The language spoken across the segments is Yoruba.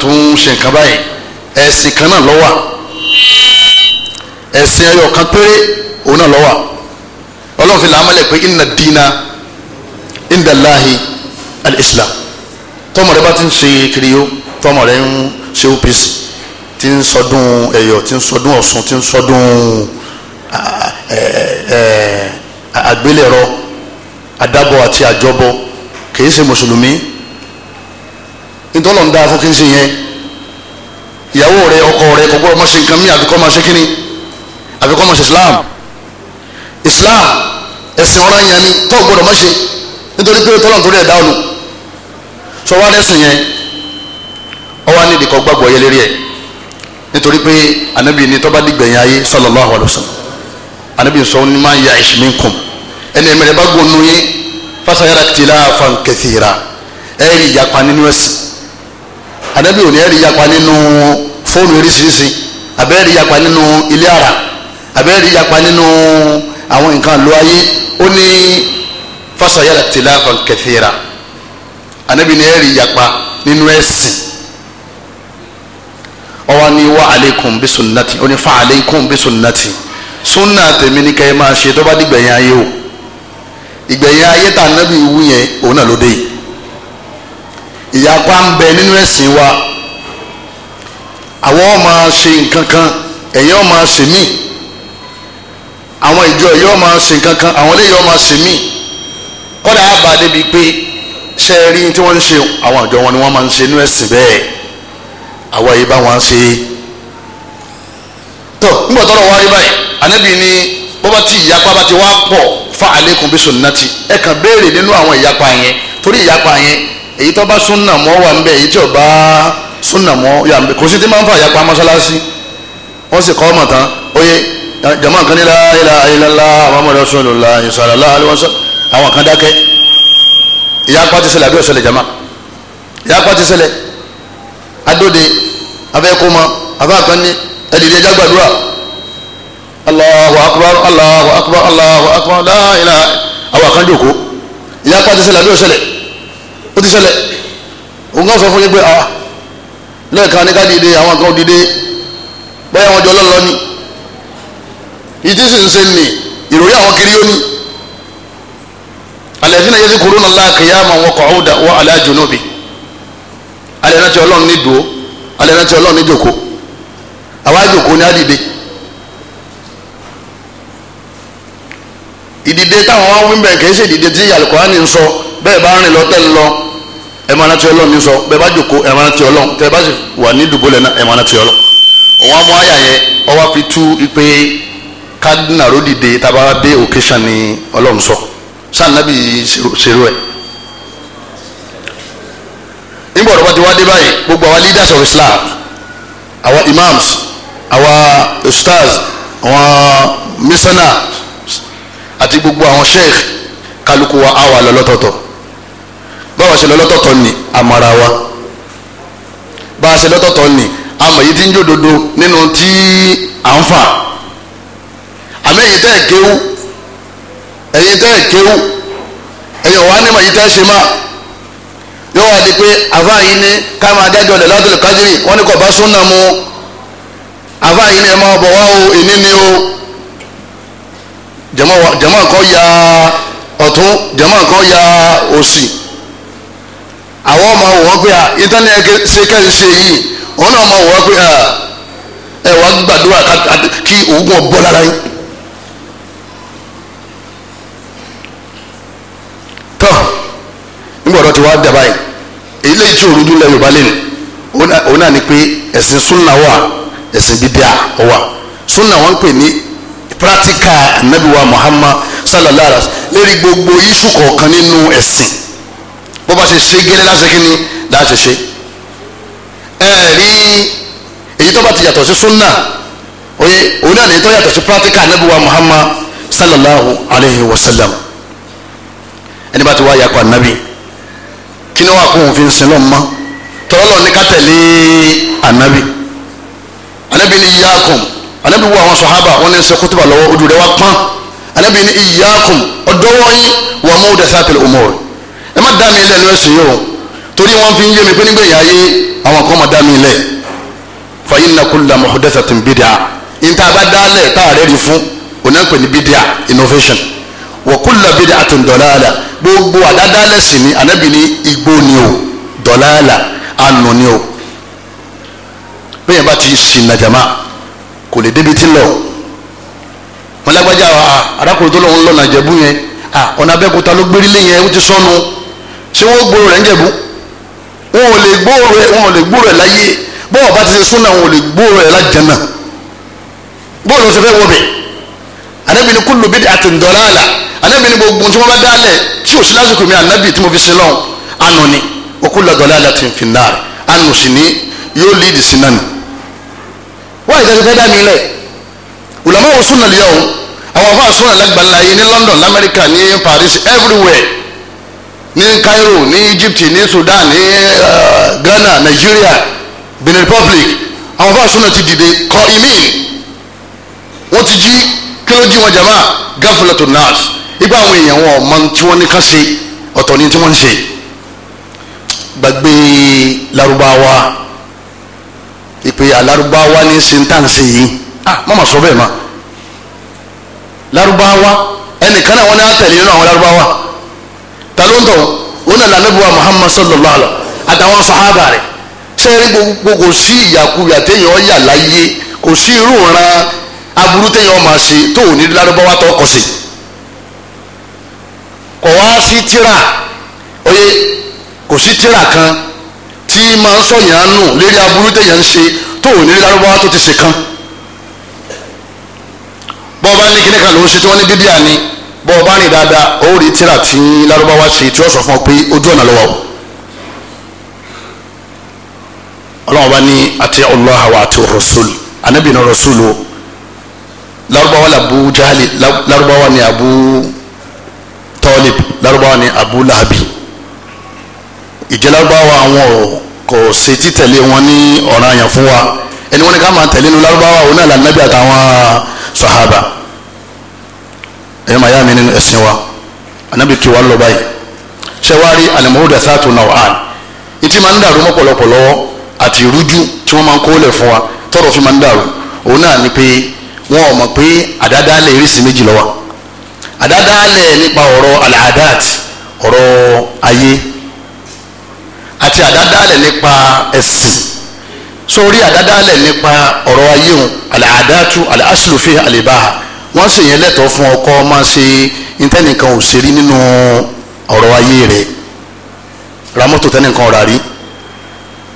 tún ṣe nǹkan báyìí ẹ̀sìn kan náà ló wà ẹ̀sìn ẹyọ kan péré òun náà ló wà ọlọ́run fi làámọ́lẹ̀ pé inna dina inda Allahi al-Islam tọ́mọ rẹ bá ti ń ṣe kiri yó tọ́mọ rẹ ń ṣe OPC ti ń sọdún ẹ̀yọ̀ ti ń sọdún Ọ̀ṣun ti ń sọdún àgbélẹ̀rọ àdábọ̀ àti àjọbọ kì í ṣe mùsùlùmí ntọ́lọ̀ ń da fún kí n ṣe yẹn ìyàwó rẹ ọkọ rẹ kò gbọ́dọ̀ má ṣe nǹkan mí àbíkọ́ má ṣe kíni islam islam ẹ̀sìn ọ̀ràn yẹn ni tó gbọ́dọ̀ má ṣe nítorí pé tọ́lọ̀ nítorí ẹ̀dá ọ̀nù sọ wá lẹ́sìn yẹn ọwọ́ ní ìdíkọ̀ gbàgbọ́ yẹ lérí nítorí pé anabi ni tọ́ba dìgbẹ̀yìn ayé sallallahu alayhi wa sallam anabi sọ ni máa ya ìṣìmínkùn ẹni ẹ̀mẹ̀rẹ̀ bá gbónú yín fásayára tìlà fankẹ́tìrà ẹ̀rí ìyapa nínú ẹ̀sìn anabi òní ẹ̀rí yapa nínú fóònù oríṣiríṣi abẹ́ẹ̀rí yapa nínú ilé ara abẹ́ẹ̀rí yapa nínú àwọn nǹkan ló ayé ó ní fasayara tilafan kathira anabi ní ẹ̀rí yapa nínú ẹ̀sìn ọwọ́ ni wa aleikum bí sunnati ó ní fa aleikum bí sunnati sunna tèmi ní kẹ́ ẹ máa ṣe tó bá dìgbẹ̀yìn ayé o ìgbẹ̀yìn ayé tà nábì wú yẹn òun náà ló dé yìí ìyapa ń bẹ nínú ẹ̀sìn wa àwọn ọmọ ṣe nǹkan kan ẹ̀yin ọmọ ṣe míì àwọn ìjọ ẹ̀yin ọmọ ṣe nǹkan kan àwọn eléyìí ọmọ ṣe míì kọ́dà á bá a débi pé ṣe rí tí wọ́n ń ṣe àwọn àjọ wọn ni wọ́n máa ń ṣe nínú ẹ̀sìn bẹ́ẹ̀ àwa yìí bá wọn ṣe tó nígbà tọ́lọ̀ wá báyìí ànábì ni bọ́bá tí ìyapa bá ti wá pọ̀ fa alaykum bi sunnati ẹ̀ kàn béèrè nínú àwọn ìyapa yẹn torí ìyapa yẹn èyí tó bá súnà mọ́ wà ń bẹ èyí tí ò bá súnà mọ́ yà ń bẹ kò sí tí máa ń fà yàpá mọ́ṣáláṣí wọ́n sì kọ́ ọmọ tán oyè jama kan ní la ilaha illallah muhammadu rasulullah sallallahu alaihi wasallam àwọn kan dákẹ́ ìyapa ti ṣẹlẹ̀ àbí ọ̀ṣẹlẹ̀ jama ìyapa ti ṣẹlẹ̀ adóde abẹ́kọ́mọ abáàkánni ẹ̀dìdì ẹja gbàdúrà Allahu akbar Allahu akbar Allahu akbar la ilaha àwọn kan jòkó ìyapa ti ṣẹlẹ̀ àbí ọ̀ṣẹlẹ̀ ó ti ṣẹlẹ̀ òun kan sọ fún yín pé ah lẹ́ẹ̀kan ní ká dìde àwọn kan dìde báyà wọn jọ lọ́lọ́ ni ìdí sì ń ṣe nì ìròyìn àwọn kiri yóni alẹ́sìn ayé ti kúrò náà láàkìyà máa wọ kọ̀ ọ́dà wọ alẹ́ àjọyọ̀nùbí alẹ́ náà ti ọlọ́run ní dùn ó alẹ́ náà ti ọlọ́run ní jòkó àwa jòkó ni á dìde. ìdìde táwọn wá wí kì í ṣe ìdìde tí Al-Qur'ani ń sọ bẹ́ẹ̀ bá rìn lọ tẹ́lẹ̀ lọ ẹ máa rántí ọlọ́run ní sọ bẹ́ẹ̀ bá jòkó ẹ máa rántí ọlọ́run tẹ́ ẹ bá sì wà ní dùbúlẹ̀ náà ẹ máa rántí ọlọ́run mú àyà yẹn ọwọ́ fi tú ipe kádínà ródìde tábàrà dé occasion ni ọlọ́run sọ sànàbì ṣerú ẹ̀ nígbà ọ̀rọ̀ bá ti wá dé báyìí gbogbo àwa leaders of Islam àwa imams àwa stars, àwọn missionaries àti gbogbo àwọn sheikh kálukú wa á wà lọ báwa ṣe lọ lọ́tọ̀ọ̀tọ̀ ni àmàrà wa báwa ṣe lọ́tọ̀ọ̀tọ̀ ni àmọ̀ yìí ti ń jòdodo nínú tí à ń fà àmẹ́yìn tẹ́ ẹ̀ kéwú ẹ̀yin tẹ́ ẹ̀ kéwú ẹ̀yin wà ní mọ̀ yìí tẹ́ ṣe máa yóò wá di pé àfa yìí ni ká máa dájọ́ lẹ̀ látọ̀lẹ̀ kájírì wọ́n ní kò bá súnà mu àfa yìí ni ẹ máa bọ̀ wá o èní ni o jàmáà kan ya ọ̀tún jàmáà kan ya òsì. àwọn ọmọ wọ́n pé à se ṣe kẹ́hìn ṣe yìí òun náà ọmọ wọ́n pé ẹ wá gbàdúrà kí oògùn ọ̀bọ lára yín. tọ́ nígbà ti wá dà báyìí èyí lè tí lẹ́yìn lẹ́nu òun náà ni pé ẹ̀sìn súnà wà ẹ̀sìn bíbíà wà súnà wọn pè ní practical Muhammad sallallahu alaihi wa sallam lérí gbogbo iṣu kọ̀ọ̀kan nínú bó se ṣe ṣe gẹ́lẹ́ láṣẹ kí ni láṣẹ ṣe ẹ rí èyí tó bá ti yàtọ̀ sí súnà oye òun náà ní tó yàtọ̀ sí practical anabiwa Muhammad sallallahu alayhi wa sallam ẹni bá ti wá yakọ anabi kí ni wàá kó òun fi ń sin lọ́n mọ́ tọ́lọ́ ní ká tẹ̀lé anabi anabi ni iyaakum anabi wo àwọn sọ̀hábà wọn ní sẹ́ kútùbà lọ́wọ́ ojú rẹ̀ wá pọ́n anabi ni iyaakum ọ̀dọ́wọ́ wà mọ́ òdàsá tẹ̀lé òmùwẹ̀ má dá mi lẹ́nu ẹ̀sìn yìí o torí wọ́n fi ń yé mi pé nígbẹ̀yìn ayé àwọn kan má dá mi lẹ̀ fa inna kulla muhdathatin bid'ah níta bá dá lẹ̀ tá a rẹ̀ rí fún onáńpẹ̀ ní bid'ah innovation wa kulla bid'atin dalala gbogbo àdádálẹ̀ sì ni ànábì ní igbó ni o dalala ànú ni o bẹ́ẹ̀ bá ti sìnà jàmá kò lè débi tí ń lọ wọn lágbájá arákùnrin tó lọ́wọ́ ń lọ́nà àjẹbú yẹn ọ̀nà abẹ́kúta ló gbérí lé yẹn ó ti sọnù ṣé wọ́n gbóòrò rẹ̀ ń jẹ̀bú wọn ò lè gbóòrò ẹ̀ wọn ò lè gbóòrò ẹ̀ láyé bọ́ọ̀ bá ti ṣe súnà wọn ò lè gbóòrò ẹ̀ lájànnà bóòlù ṣe fẹ́ wọ bẹ̀ Ànábì ní kullu bid'atin dalalah Ànábì ní gbogbo tí wọ́n bá dálẹ̀ tí ò sí lásìkò mi Ànábì tí mo fi sin lọ́hùn àná ni wa kullu dalalatin fin nar àná sì ni yóò líìdì sí náà ni wọ́n ìdájọ́ fẹ́ dá mi lẹ̀ ulama wo súnà lè yọ̀ àwọn afáà súnà lágbàlá yìí ní London lamẹ́ríkà ní Paris everywhere ní Cairo ní Egypt ní Sudan ní eh, Ghana Nigeria Benin Republic àwọn fáwọn súnà ti dìde kọ imin wọ́n ti jí kí ló jí wọn jama gafulatu nas ibà àwọn èèyàn wọn ọmọ tí wọ́n ní ká ṣe ọ̀tọ̀ ni tí wọ́n ń ṣe gbàgbé Lárúbáwá ìpè alárúbáwá ní sentansi yìí ah mama sọ bẹ́ẹ̀ ma Lárúbáwá ẹnìkan náà wọ́n ní àtẹlẹ nínú àwọn Lárúbáwá ta ló ń tọ̀ wọn náà lànà bíwá Muhammad sallallahu alaihi àtàwọn sahaba rẹ̀ sẹ́rí gbogbo kò sí ìyàkuyà téèyàn yà láyé kò sí irú ìran aburú téèyàn máa ṣe tó ò ní lárúbáwá tó kọ̀ sí kò wá sí tíra oye kò sí tíra kan tí máa ń sọ̀yàn nù lérí aburú téèyàn ń ṣe tó ò ní lárúbáwá tó ti ṣe kan bọ́ọ̀ bá ní kíní ló ń ṣe tí wọ́n ní bíbíà ni bọ́ ọ bá rìn dáadáa ó rí tíra tí lárúbáwá ṣe tí ó sọ fún ọ pé ojú ọ̀nà lọ́wọ́ o ọlọ́run bá ní àti ọlọ́ha wa àti rọ̀ṣùl anábìnrin rọ̀ṣùl o lárúbáwá ni abu jahali lárúbáwá ni abu tọ́lib lárúbáwá ni abu lahabi ìjẹ́ lárúbáwá àwọn kò ṣe títẹ̀lé wọn ní ọ̀ranyàn fún wa ẹni wọn ni ká máa tẹ̀lé nu lárúbáwá òun náà lànà àtàwọn sọ̀hábà ẹ̀yẹ́ màá yá mi nínú ẹ̀sìn wa anabi kí wa lọ báyìí ṣé wàá rí alimuhuda sáàtù nawaan ìtì máa ń dàrú mọ́pọ̀lọpọ̀ lọ́wọ́ àti ìrújú tí wọ́n máa ń kólẹ̀ fún wa tọ́rọ̀ fi máa ń dàrú òun náà ni pé wọn ò mọ̀ pé àdádálẹ̀ erésì méjì ló wà àdádálẹ̀ nípa ọ̀rọ̀ aladat ọ̀rọ̀ ayé àti àdádálẹ̀ nípa ẹ̀sìn sórí àdádálẹ̀ nípa ọ̀rọ̀ ayé òun aladatu alaslufi alibaha wọ́n sì yẹn lẹ́tọ̀ọ́ fún ọkọ má ṣe ntẹ́nìkan ò ṣe rí nínú ọ̀rọ̀ ayé rẹ̀ ra mọ́tò tẹ́nìkan ọ̀rà rí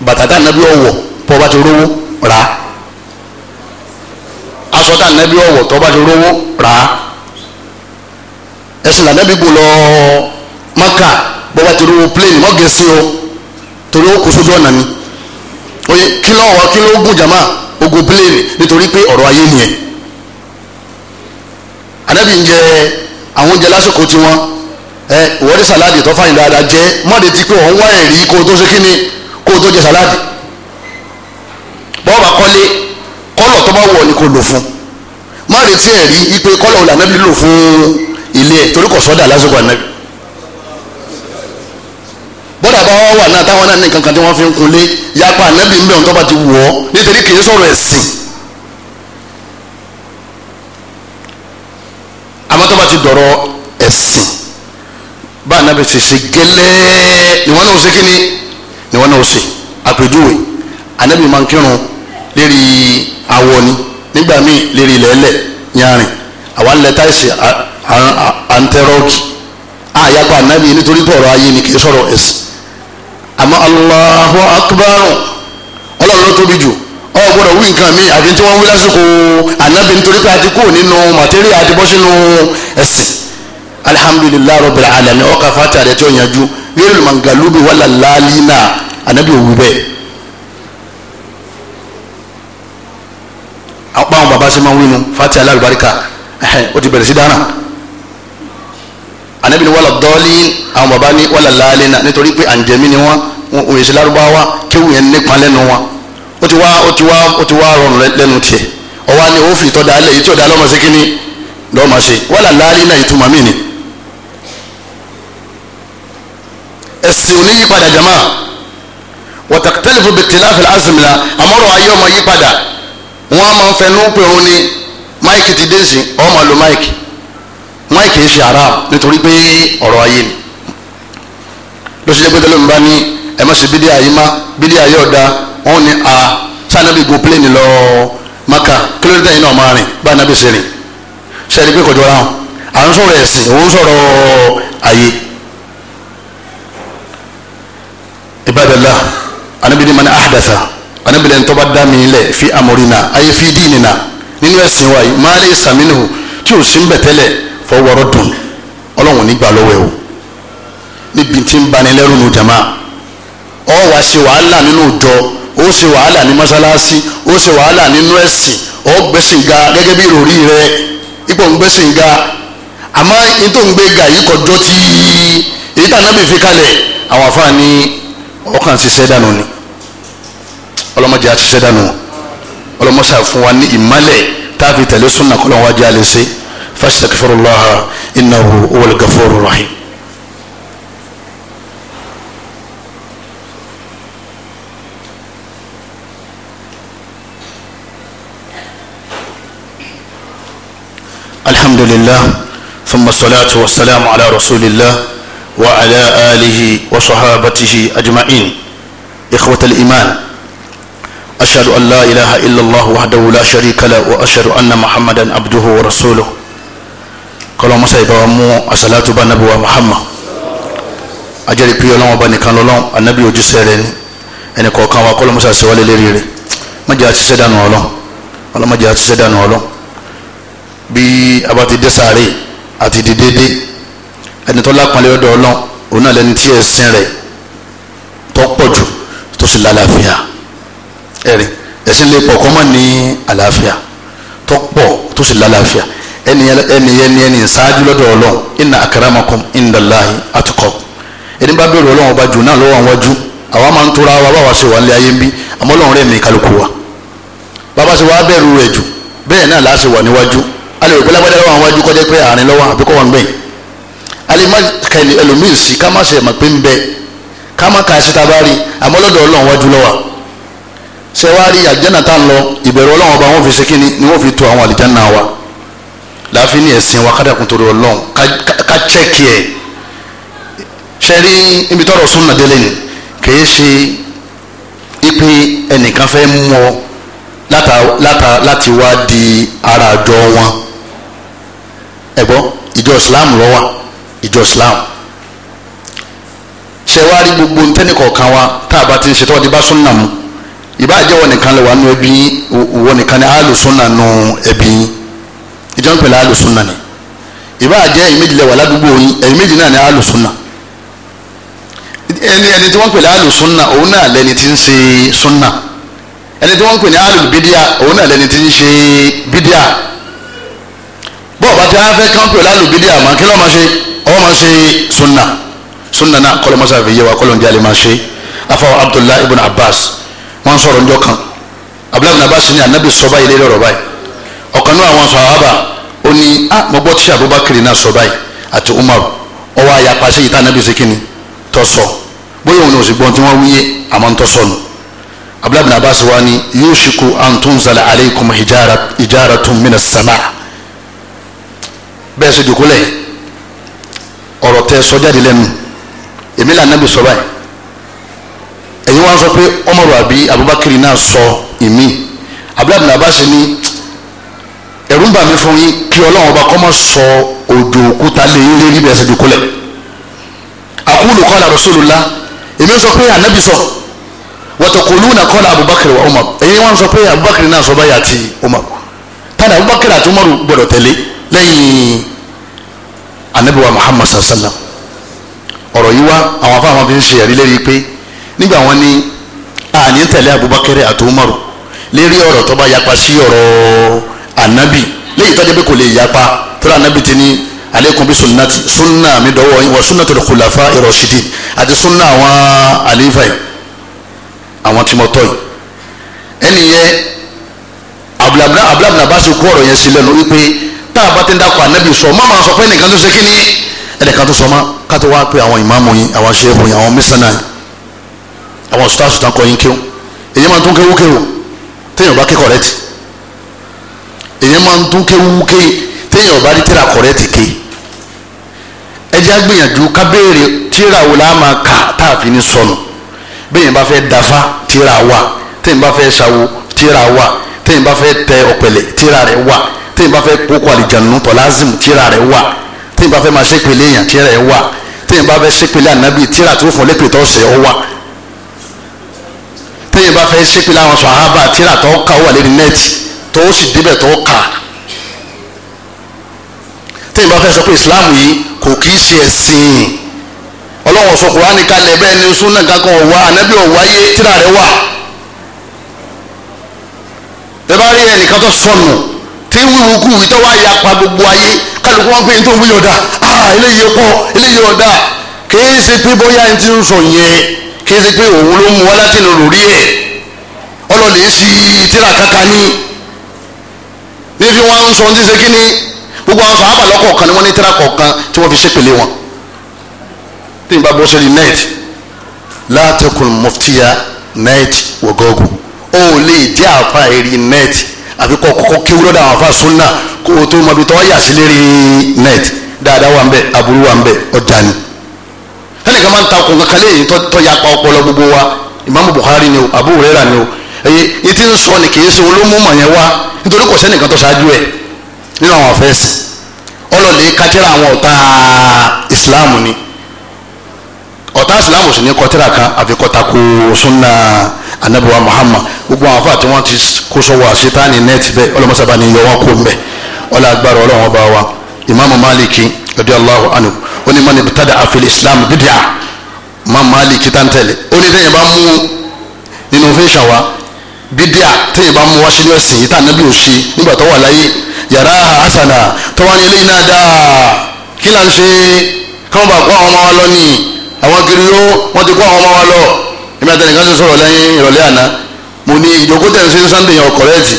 bàtà tá nàbí ọ̀wọ̀ pọ̀ bá ti rówó rà á aṣọ tá nàbí ọ̀wọ̀ tọ́ bá ti rówó rà á ẹ̀sìn lànàbí gbò lọ maka bọ́ bá ti rówó pléènì mọ́gẹ́sì o torí ó kó sójú ọ̀nà ni oye kí lọ́wọ́ kí ló gùn jàmá ogun pléènì nítorí pé ọ̀rọ̀ ayé nìyẹn anabi ń jẹ àwọn oúnjẹ lásìkò tiwọn ẹ ìwọ́dí sàláàdì tó fàyìn dáadáa jẹ mọ́de ti pé òun wá ẹ̀rí kó o tó ṣe kíni kó o tó jẹ sàláàdì bọ́ọ̀bà kọ́lé kọ́lọ̀ tó bá wọ̀ ni kò lò fún má retí ẹ̀rí ipe kọ́lọ̀ òun lànàbí lò fún ilé ẹ̀ torí kò sọ́dà lásìkò ànàbí bọ́dà bá wà náà táwọn náà ní nǹkan kan tí wọ́n fi ń kunlé yapa ànàbí ń bẹ̀ wọn tó bá ti wọ̀ ọ́ nítorí kì í sọ̀rọ̀ ẹ̀sìn ti dọ̀rọ̀ ẹ̀sìn bá anabi ṣe ṣe gẹ́lẹ́ ni wọ́n náà ṣe kíni ni wọ́n náà ṣe àpèjúwe anabi máa ń kírun lérí awọ ni nígbà míì lérí ilẹ̀ẹ́lẹ̀ yanrìn àwa ń lẹ táìsì à ń tẹ rọ́ọ̀kì àyàpá anabi nítorí tọ̀rọ̀ ayé ni kì í sọ̀rọ̀ ẹ̀sìn àmọ́ Allahu akbar ọlọ́run ló ọ gbọ́dọ̀ wí nǹkan mi àfi tí wọ́n wí lásìkò ànábì nítorí pé a ti kúrò nínú màtẹ́rì àti bọ́ sínú ẹ̀sìn alihamudulilayi rabbil alamin ọkà fati àdẹ́tí ọ̀yanjú rírì mangalubi wàlà lálínà ànábì òwú bẹ́ẹ̀. àpá àwọn baba sẹ́mọ̀ wínú fati alábàríkà ó ti bẹ̀rẹ̀ sí dáná ànábì ni wàlà dọ́ọ̀lì àwọn baba ni wàlà lálínà nítorí pé àǹjẹ̀mí ni wọ́n òyìnbó lárúbáwá kéwù yẹn nípa lẹ́nu wọn ó ti wá ó ti wá ó ti wá rọrùn lẹ́nu tiẹ̀ ọwọ́ ni ó fi tọ́da alẹ́ yìí tí ọ̀dà lọ́mọ sí kínní lọ́mọ ṣe wàhálà láàrin náà ìtumọ̀ mí ni. ẹ̀sìn òní yípadà jama wọ̀tàkítẹ́lifù bìtìláfì azimila àmọ́rọ̀ ayé ọmọ yípadà wọ́n á máa ń fẹnu pèrún ni máìkì ti dé sí ọmọ lo máìkì máìkì ń ṣe haram nítorí pé ọ̀rọ̀ ayé ni lọ́sọ̀jẹ́ pé mi bá ní ẹ̀ má ṣe bídíà yìí má bídíà yìí ọ̀dà wọ́n ní a ah, sanabi gun plane lọ maka kílódé yìí náà máa rìn bá anabi ṣe rìn sẹ́ni pé kọjọ́ ra wọn à ń sọ̀rọ̀ ẹ̀sìn òun sọ̀rọ̀ ayé ibadallah anabi ni man ahdatha anabi lẹ́ni tó bá mi lẹ̀ fi amrina ayé fi na nínú ẹ̀sìn wa yìí máa lè sàmínú tí ò sí ń bẹ̀ tẹ́lẹ̀ fọwọ́rọ́ dùn ọlọ́run nígbà lọ́wọ́ ẹ̀ o níbi tí ń nù jama ọ wá ṣe wàhálà nínú ìjọ ó ṣe wàhálà ní mọ́ṣáláṣí ó ṣe wàhálà nínú ẹ̀sìn ó gbẹ́sìn ga gẹ́gẹ́ bí ìròrí rẹ ipò ń gbẹ́sìn ga àmọ́ ń gbé ga yìí kọjọ́ tí èyí tà nábì fi kalẹ̀ àwọn afáà ní ọkàn ti dànù ni ọlọ́mọdé àti dànù ọlọ́mọṣà fún wa ní ìmálẹ̀ tá a fi tẹ̀lé súnà kọ́lọ́wájú àlẹ́ sí الحمد لله ثم الصلاة والسلام على رسول الله وعلى آله وصحابته أجمعين إخوة الإيمان أشهد أن لا إله إلا الله وحده لا شريك له وأشهد أن محمدا عبده ورسوله قال موسى إبراهيم الصلاة بالنبي محمد ajẹ́rì بي الله ọba nìkan lọ́lọ́run anábì ojúṣe rẹ̀ ni ẹnì kọ̀ọ̀kan wa kọ́ ما mọ́sàsì wálé lérí rẹ̀ mọ́jà àti sẹ́dánù ọlọ́run bí a bá ti dé sáré àti di déédéé ẹni tó lápọnlé ọ̀dọ̀ Ọlọ́run òun náà lẹni tí ẹ̀sìn rẹ̀ tó pọ̀ jù tó sì lálàáfíà ẹ̀rí ẹ̀sìn lè pọ̀ kọ́ mọ́ ní àlàáfíà tó pọ̀ tó sì lálàáfíà ẹni ẹni ẹni ẹni ṣáájú lọ́dọ̀ Ọlọ́run inna akramakum indallahi atqakum ẹni bá bẹ̀rù Ọlọ́run ọba jù náà lọ́wọ́ àwọn wájú àwa máa ń tóra wa báwa ṣe wà nílé ayé ń bí àmọ́ Ọlọ́run rẹ̀ mí kálukú wa bàbá ṣe wá bẹ̀rù rẹ̀ jù bẹ́ẹ̀ náà láṣẹ wà níwájú a lè rò pé lágbádá lọ́wọ́ àwọn adúgbò jẹ́ pé àárín lọ́wọ́ àbíkọ́ wọn gbẹ̀yìn a lè má kẹlẹ ẹlòmíì sí ká má ṣe mọ̀ pé ń bẹ ká má ka ẹsẹ̀ tá a bá rí àmọ́ lọ́dọ̀ ọlọ́run wájú lọ́wọ́ ṣe wá rí àjẹ́nà tá à ń lọ ìbẹ̀rù ọlọ́run ọba wọn fi ṣe kíni ni wọ́n fi to àwọn àlìjáná wa láàfin ní ẹ̀sìn wa kádàkùn torí ọlọ́run ká chẹ́kì ẹ̀ ṣe ibi tọ́rọ̀ súnà délé ni kìí ṣe ipe ẹnìkan fẹ́ mú láti wá di ara àjọ wọn ẹ̀gbọ́n ìjọ islam ló wà ìjọ islam ṣẹwárí gbogbo ntẹnikọ̀ọ̀kan wa tá a bá ti ń ṣètò ọdí bá súnà mu ìbá jẹ́ wọn nìkan lè wà nù ẹbí wọn nìkan ní alùsùnà nù ẹbí ìjọ ń pèlè alùsùnà ni ìbá jẹ́ ẹ̀yin méjì lè wà ládùúgbò yín ẹ̀yin méjì náà ní alùsùnà ẹni ẹni tí wọ́n pèlè alùsùnà òun náà lẹni tí ń ṣe súnà ẹni tí wọ́n pè ní alùbídíà òun náà lẹni tí ń ṣe bídíà bọ́ọ̀ bá ti á fẹ́ kánpẹ̀ lálùbídé àmọ́ kí ló máa ṣe ọwọ́ máa ṣe sunna sunna náà kọ́lọ́ mọ́sá fi yé wa kọ́lọ́ njẹ́ alẹ́ máa ṣe afọwọ́ abdullahi ibn abbas wọ́n sọ̀rọ̀ njọ́ kan abdullahi ibn abbas ní anabi sọba ilé lọ́rọ̀ báyìí ọ̀kan náà àwọn sàhábà ó ní a ah, mo gbọ́ tí abubakar náà sọ báyìí àti umar ọwọ́ ayapa sí ìta anabi sikini tó sọ bóyá òun ò sì gbọ́n tí wọ́n wíyé àmọ́ tó sọnù abdullahi ibn abbas wa ni yushiku an tunzala alaykum hijaratun minas samaa bẹ́ẹ̀ sọ jòkó lẹ̀ ọ̀rọ̀ tẹ sọ jáde lẹ́nu èmi là nàbì sọ báyìí ẹ̀yin wá sọ pé Umaru àbí Abubakar náà sọ ìmí abdullahi bin Abbas ni ẹ̀rù ń bà mí fún yín kí ọlọ́run ọba kọ́ mọ́ sọ òjò òkúta lé yín lérí bẹ́ẹ̀ sọ jòkó lẹ̀ akulu qala èmi sọ pé ànábì sọ watakuluna qala Abubakar wa Umar ẹ̀yin wá sọ pé Abubakar náà sọ báyìí àti Umar tani Abubakar àti Umar gbọdọ̀ tẹ̀lé lẹ́yìn anabiwa muhammad sallam ọ̀rọ̀ yìí wá àwọn afáwọn fi ń ṣe ẹ̀rí lérí pé nígbà wọn ní àní tẹ̀lé abubakar àti umaru lérí ọ̀rọ̀ tó bá yapa sí ọ̀rọ̀ anabi léyìí tó jẹ́ pé kò lè yapa tó rà anabi ti ní aleikum bi sunnati sunna mi dọ́wọ́ yín wa sunnati kulafa irọsidi àti sunna àwọn alifa yìí àwọn tí mo tọ́ yìí ẹnìyẹn abdulabdul abdulabdul abasi kú ọ̀rọ̀ yẹn sí tá a bá ti ń dákọ̀ ànábì sọ má máa sọ pé ẹnìkan tó ṣe kí ni ẹnìkan tó sọ ma ká tó wá pé àwọn ìmáàmù yín àwọn ṣẹ́ẹ̀kù yín àwọn mísánná yín àwọn sùtàṣù tán kọ yín kéwù èyí máa tún kéwù kéwù téèyàn bá ké kọ̀rẹ́tì èyí máa tún kéwù ké téèyàn bá rí tíra kọ̀rẹ́tì ké ẹ jẹ́ àgbìyànjú ká tíra wo la máa kà tá ní sọnù béèyàn bá fẹ́ dafa tíra wà téèyàn bá fẹ́ ṣawo tíra wà téèyàn bá fẹ́ tẹ ọ̀pẹ̀lẹ̀ tíra rẹ̀ wà téèyàn bá fẹ́ kókó àlìjànú tọ́lázìm tíra rẹ̀ wà téèyàn bá fẹ́ máa ṣépele èèyàn tíra rẹ̀ wà téèyàn bá fẹ́ ṣépele ànábì tíra tó fún lépè tó ṣe ọ wà téèyàn bá fẹ́ ṣépele àwọn sàhábà tíra tó kà ó wà lórí nẹ́ẹ̀tì tó sì débẹ̀ tó kà téèyàn bá fẹ́ sọ pé ìsìláàmù yìí kò kì í ṣe ẹ̀sìn ọlọ́wọ́n sọ kùránì kalẹ̀ bẹ́ẹ̀ ni súnà kankan ọ̀wá ànábì ọ̀wá yé tíra rẹ̀ wà bẹ́ẹ̀ bá rí ẹnìkan tó sọnù tí ń wíwu kú ìtọ́ wá ya pa gbogbo ayé kálukú wọn pé n tó ń wíyọ̀ ah eléyìí pọ̀ eléyìí ọ̀dà kìí ṣe pé bóyá n ti ń sọ yẹn kìí ṣe pé òun ló mú wá láti nù lórí ẹ̀ ọlọ́lẹ̀ sí tíra kankan ní ní fi wọn ń sọ ní ṣe kí ni gbogbo àwọn sàábà lọ́kọ̀ọ̀kan ni wọ́n ní tíra kọ̀ọ̀kan tí wọ́n fi ṣépele wọn tí n bá bọ́ sórí net látẹkùn muftiya net wọ̀gọ́gù ó lè jẹ́ àfa èrè net àfi kọ́ kọ́kọ́ kéwú lọ́dọ̀ àwọn afa kó o tó mọbi tọ́ yà sí lérí net dáadáa wà ń bẹ aburú wà ń bẹ ọjà ni ẹnì kan máa ya pa ọpọlọ gbogbo wa Imam Buhari ni o Abu Huraira ni o ẹyẹ etí ń sọ ni kìí ṣe olómùmọ̀ yẹn wá nítorí kò sẹ́nìkan tó ṣáájú ẹ̀ nínú àwọn afẹ́sì ọlọ́lẹ̀ kátírà àwọn ni ọ̀tá Islam sì ní kan anabiwa muhammad gbogbo àwọn afáàtí wọn ti kó sọ́wọ́ àṣetáni nẹ́ẹ̀tì bẹ́ẹ̀ ọlọ́mọsábà ni yọ wọn kó mbẹ́ ọlọ́ agbára ọlọ́wọ́n bá wa imaamu maliki radi allahu anhu oní mani tada afil islam bidia ma maliki tá n tẹ̀lé oní tẹ̀yìn bá mú nínú fẹ́ṣà wa bidia tẹ̀yìn bá mú wá sínú ẹ̀sìn yìí tá anabi ò ṣe nígbà tó wà láyé yàrá hasana tó wà ní eléyìí náà dáa kí là ń ṣe káwọn bá kó àwọn ọmọ wa lọ ní àwọn kiri yó wọn ti kó àwọn ọmọ wa lọ èmi àti ẹnìkan ṣe sọ̀rọ̀ lẹ́yìn ìrọ̀lẹ́ àná mo ní ìjókòó tẹ̀ ń ṣe sunday yẹn ọ̀kọ̀rẹ́ẹ̀tì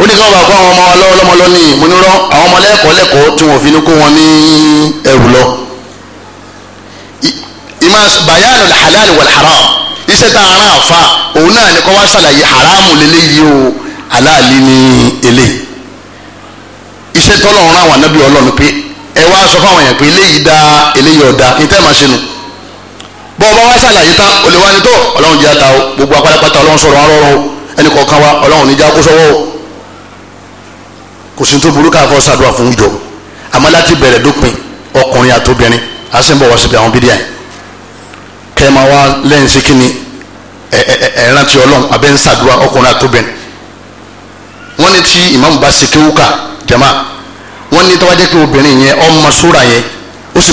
ó ní káwọn bá kó àwọn ọmọ wa lọ́wọ́ lọ́mọ lọ́ní mo ní rán àwọn ọmọ lẹ́kọ̀ọ́ lẹ́kọ̀ọ́ tí wọ́n fi ní kó wọn ní ẹrù lọ. ìmọ̀ bayanu halal wal haram iṣẹ́ tá a rán àfa òun náà ni kọ́ wá ṣàlàyé haramu lélẹ́yìí o aláàlí ni ele. iṣẹ́ tọ́lọ́run àwọn anábì ọlọ́run pé ẹ wá sọ fáwọn èèyàn pé eléyìí dáa eléyìí ọ̀dà ní tẹ́ máa ṣe nù. bọ́ ọba wa ṣàlàyé tán wa ni tó ọlọ́run jẹ́ o gbogbo apátápátá ọlọ́run sọ̀rọ̀ wọn rọrùn ẹnì kọ̀ọ̀kan wa ọlọ́run níjà kó sọ́wọ́ o kò sí tó burú káfọ́ fún àmọ́ láti bẹ̀rẹ̀ dópin ọkùnrin àtobìnrin a sì ń bọ̀ wá síbi àwọn bídíà yìí kẹ́ ẹ máa wá lẹ́yìn sí kí ni ọlọ́run abẹ́ ń ọkùnrin wọ́n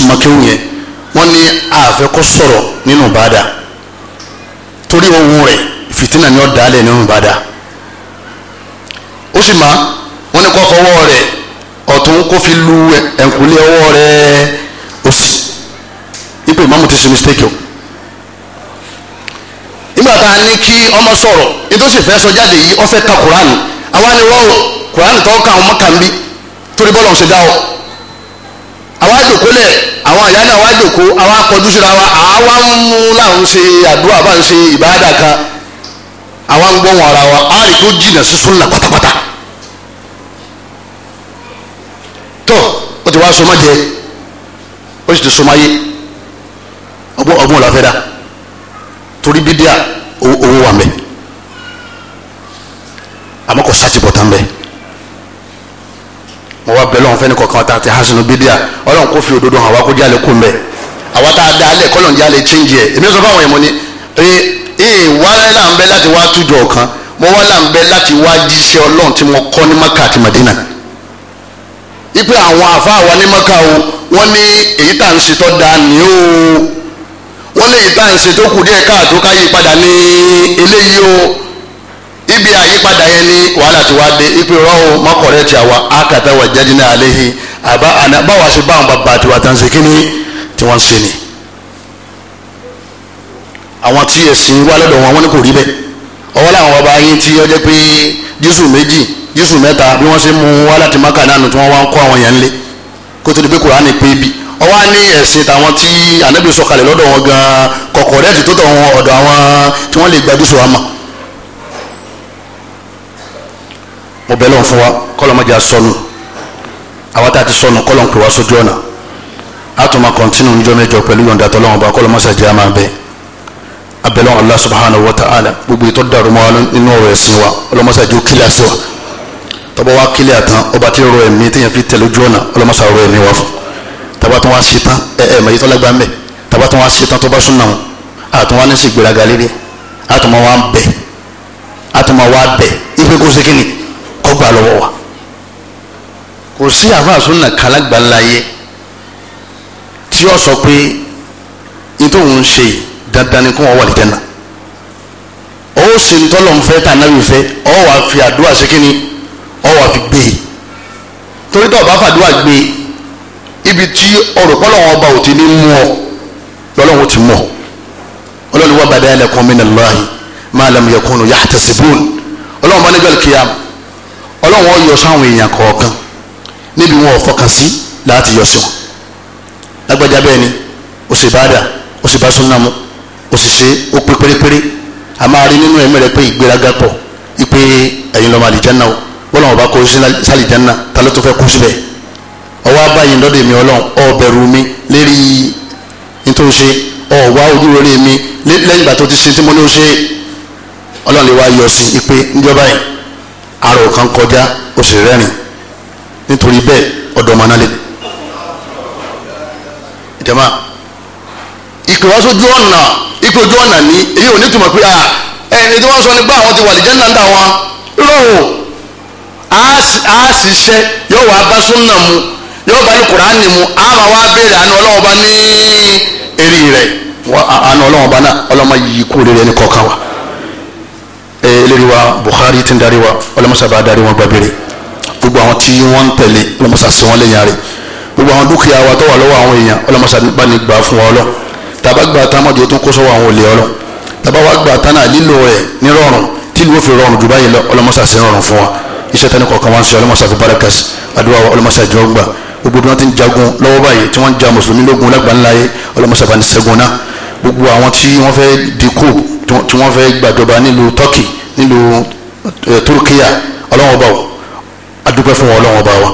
ní tí wọ́n ní àfẹ́ kó sọ̀rọ̀ nínú ìbádà torí ohun rẹ̀ fìtínà ni ó dálẹ̀ nínú ìbádà ó sì máa wọ́n ní kó fọwọ́ rẹ̀ ọ̀tún kó fi lu ẹ̀ǹkúlé ọwọ́ rẹ̀ òsì ipò ìmáàmù ti ṣe mistake o nígbà tá ní kí ọmọ sọ̀rọ̀ nítòsí fẹ́ sọ jáde yìí fẹ́ ka kuraani àwa ni wọ́n tó ọmọ bí torí bọ́lá ọ̀sẹ̀ dá o. àwa jòkólẹ̀ àwọn àyà náà wá jòkó àwa kọjú síra wa àwa ń mú láwọn ṣe àdúrà bá ń ṣe ìbáàdà kan àwa ń gbọ́ wọn ara wa á rí tó jìnà sí súnà pátápátá tó o ti wá sọmọ jẹ o sì ti sọmọ ayé ọgbọ́n ọgbọ́n làwọn fẹ́ dá torí bídíà owó wà mẹ́ẹ̀. bẹ̀rẹ̀ lọ́wọ́ fẹ́ni kọ̀ọ̀kan ta ti hasinu bídíà ọlọ́run kò fi òdodo hàn wá kó jálè kó mbẹ́ àwa tá a da alẹ́ kọ́lọ́n jálè chíńjì ẹ̀ èmi sọ fáwọn èèmọ̀ ni ee wà là ń bẹ láti wá tújọ ọ̀kan mo wà là ń bẹ láti wá jíṣẹ́ ọlọ́run tí mo kọ́ ní maka àti madina ipe àwọn àfa àwa ní maka o wọ́n ní èyí tá à ń ṣe tó da ni o wọ́n ní èyí tá à ń ṣe tó kù díẹ̀ káàtó ibi àyípadà yẹn ni wàhálà ti wá dé ipe rọ́ọ̀ mọ́kọ̀rẹ́ ti àwa akata wà jáde náà léhi àbá àná báwa ṣe bá àwọn bàbá tiwa tán ṣe kí ni tí wọ́n ń ṣe ni. àwọn tí ẹ̀sìn wá lọ́dọ̀ wọn wọn ni kò rí bẹ́ẹ̀ ọwọ́ làwọn ọba yín tí ó jẹ́ pé jésù méjì jésù mẹ́ta bí wọ́n ṣe mú wá láti maka náà tí wọ́n wá ń kọ́ àwọn yẹn lé kó tó di pé kùránì pé bí ọwọ́ ní ẹ̀sìn tàwọn tí ànábì sọ̀kalẹ̀ lọ́dọ̀ wọn gan kọ̀kọ̀rẹ́ẹ̀tì tó tọ̀ wọn ọ̀dọ̀ àwọn tí wọ́n lè gba àmọ́ mo bẹ̀ lọ́n fún wa kọ́lọ́ mọ́jà sọnù àwọn tá a ti sọnù kọ́lọ́ ń pè wá sójú ọ̀nà a tún máa kọ́ntínú níjọ́ mẹ́jọ pẹ̀lú yọ̀ǹda tọ́lọ́wọ́n ọba kọ́lọ́ mọ́sá jẹ́ àmà bẹ́ẹ̀ abẹ́lẹ́ Allah subhanahu wa ta'ala gbogbo ètò dàrú mọ́ inú ọ̀rọ̀ ẹ̀sìn wa ọlọ́mọ́sá jẹ́ òkìlẹ̀ àṣọ tọ́bọ̀ wá kílẹ̀ àtàn ọba tí rọ ẹ̀mí téèyàn fi tẹ̀lé ojú ọ̀nà ọlọ́mọ́sá rọ ẹ̀mí wa fún tàbá tó wá ṣetán ẹ ẹ mọ̀ yìí tó lágbá mẹ́ tàbá tó wá ṣetán tó bá súnà wọn àtún wá ní sí gbéraga lérí àtún máa wá bẹ̀ àtún ife kó ọgbà lọ́wọ́ wa kò sí àfàsùn náà kálágbá ńlá yẹ tí ó sọ pé nítorí ń ṣe dandan ni kó wọn wà lìjẹ náà ó sì ń tọ́lọ̀ ń fẹ́ tà náà yìí fẹ́ ọ wà fi àdúrà ṣe kínní ọ wà fi gbé e torí tó o bá fàdúrà gbé e ibi tí ọrọ̀ pọ́lọ́wọ́n ọba ò ti ní mú ọ lọ́lọ́wọ́n ti mú ọ ọlọ́run wà bàdá ẹlẹ́kùn mi nàlọ́ọ̀hìn máa lam yakunu yahtasibun ọlọ́run bá níjọ́ kìyàmù ọlọ́run ó yọ sáwọn èèyàn kọ̀ọ̀kan níbi wọn ò fọkàn sí láti yọ sí lágbájá bẹ́ẹ̀ ni ó sì bá dà ó sì bá súnmọ́ mu ó sì ṣe ó pé pérépéré a máa rí nínú ẹ̀mí rẹ pé ìgbéraga pọ̀ ipe ẹ̀yin lọ́mọ àlìjánná o bọ́lá wọn bá kó sálìjánná ta ló tó fẹ́ kó síbẹ̀ ọwọ́ abáyé lọ́dọ̀ èmi ọlọ́run ó mi lérí nítorí ṣe ọ̀wá ojú rere mi lẹ́yìn ìgbà tó ti ṣe tí mo ní ó ṣe ọlọ́run lè wá yọ sí ipe níjọba yìí arọ kan kọjá ó rẹ́rìn nítorí bẹ́ẹ̀ ọ̀dọ̀ ọmọ náà lè. ìpè wá sójú ọ̀nà ìpè ojú ní èyí ò ní túmọ̀ pé ẹni tí wọ́n sọ nípa àwọn ti wà lè jẹ́ náà ń dà wọn lóhùn a ṣiṣẹ́ yóò wá bá súnà mu yóò bá ní mu a máa wá béèrè àánú ọlọ́wọ́ba ní rẹ̀ náà ọlọ́mọ yìí ní kọ̀ọ̀kan eléyìí wa Bukhari ti ń darí wa ọlọ́mọṣà bá darí wọn gbàgbére gbogbo àwọn tí wọ́n ń tẹ̀lé ọlọ́mọṣà sí wọn lẹ́yìn rẹ̀ gbogbo àwọn dúkìá wa tó wà lọ́wọ́ àwọn èèyàn ọlọ́mọṣà bá ní gbà fún wa ọlọ́ tàbá gba tamọ́jọ tó ń kó sọ́wọ́ àwọn olè ọlọ́ tàbá wa gba tánà lílo rẹ̀ nírọ̀rùn tí ìlú òfin rọrùn jù báyìí lọ ọlọ́mọṣà sí rọrùn fún wa iṣẹ́ tani kọ̀ọ̀kan wá ń ṣe ọlọ́mọṣà fi barakas gbogbo àwọn tí wọ́n fẹ́ dikó tí wọ́n fẹ́ gbàjọba nílùú turkey nílùú eh, turkiya ọlọ́wọ́n bá wọ adúpẹ́ fún wọn ọlọ́wọ́n bá wa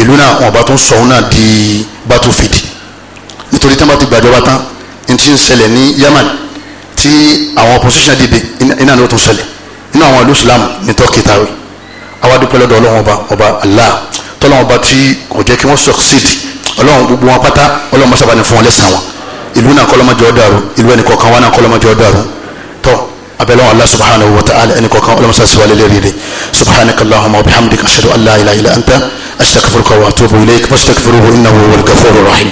ìlú náà wọn bá tún sọ̀hún náà di battlefield nítorí tí wọ́n bá ti gbàjọba tán ní ti ń ṣẹlẹ̀ ní yemen tí àwọn opposition dìde iná ni ó tún ṣẹlẹ̀ nínú àwọn ìlú islam ní turkey tàwé àwa dúpẹ́ lọ́dọ̀ ọlọ́wọ́n ọba ọba allah tọ́lọ́wọ́n ọba tí kò jẹ́ kí wọ́n succeed ọlọ́wọ́n gbogbo wọn pátá ọlọ́wọ́n mọ́sábà ní fún wọn lẹ́sàn-án wọn ìlú náà kọ́lọ́mọjọ́ dàrú ìlú ẹnì kọ̀ọ̀kan wa náà kọ́lọ́mọjọ́ dàrú tọ́ abelo Allah subhanahu wa ta'ala ẹnì kọ̀ọ̀kan ọlọ́mọsàsì wà lélẹ́rìí subhanak allahumma wa bihamdika ashhadu an la ilaha illa anta astaghfiruka wa atubu ilayk fastaghfiruhu innahu huwal ghafurur rahim.